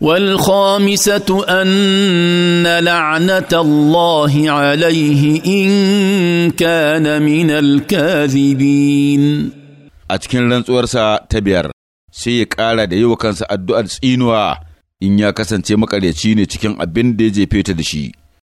والخامسة أن لعنة الله عليه إن كان A cikin rantsuwarsa ta biyar, sai ya ƙara da yi wa kansa addu'ar tsinuwa in ya kasance maƙaryaci ne cikin abin da ya jefe ta da shi.